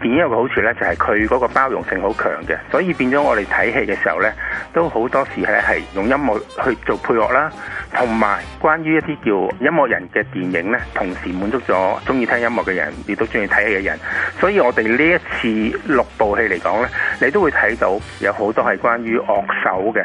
電影有個好處咧，就係佢嗰個包容性好強嘅，所以變咗我哋睇戲嘅時候咧，都好多時係係用音樂去做配樂啦，同埋關於一啲叫音樂人嘅電影咧，同時滿足咗中意聽音樂嘅人，亦都中意睇戲嘅人。所以我哋呢一次六部戲嚟講咧，你都會睇到有好多係關於樂手嘅，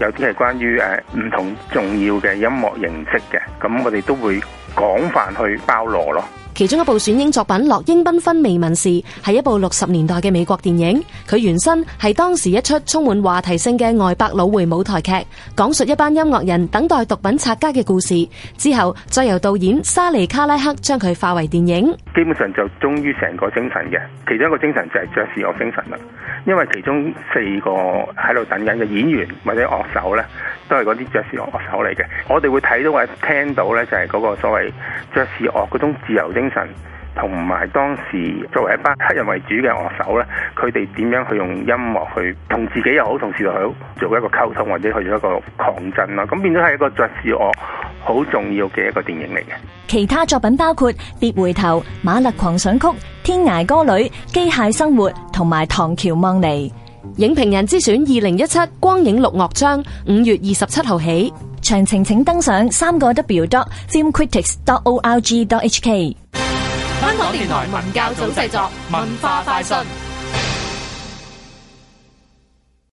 有啲係關於誒唔同重要嘅音樂形式嘅，咁我哋都會。廣泛去包羅咯。其中一部選英作品《落英繽紛未聞事》係一部六十年代嘅美國電影，佢原身係當時一出充滿話題性嘅外百老匯舞台劇，講述一班音樂人等待毒品拆家嘅故事。之後再由導演沙利卡拉克將佢化為電影。基本上就忠於成個精神嘅，其中一個精神就係爵士樂精神啦。因為其中四個喺度等緊嘅演員或者樂手咧。都係嗰啲爵士樂手嚟嘅，我哋會睇到或者聽到呢，就係嗰個所謂爵士樂嗰種自由精神，同埋當時作為一班黑人為主嘅樂手呢，佢哋點樣去用音樂去同自己又好，同事又好做一個溝通，或者去做一個抗爭。咯。咁變咗係一個爵士樂好重要嘅一個電影嚟嘅。其他作品包括《別回頭》《馬勒狂想曲》《天涯歌女》《機械生活》同埋《唐橋望尼》。影評人之選二零一七光影六樂章，五月二十七號起，詳情請登上三個 w dot filmcritics dot org dot hk。香港電台文教組製作，文化快訊。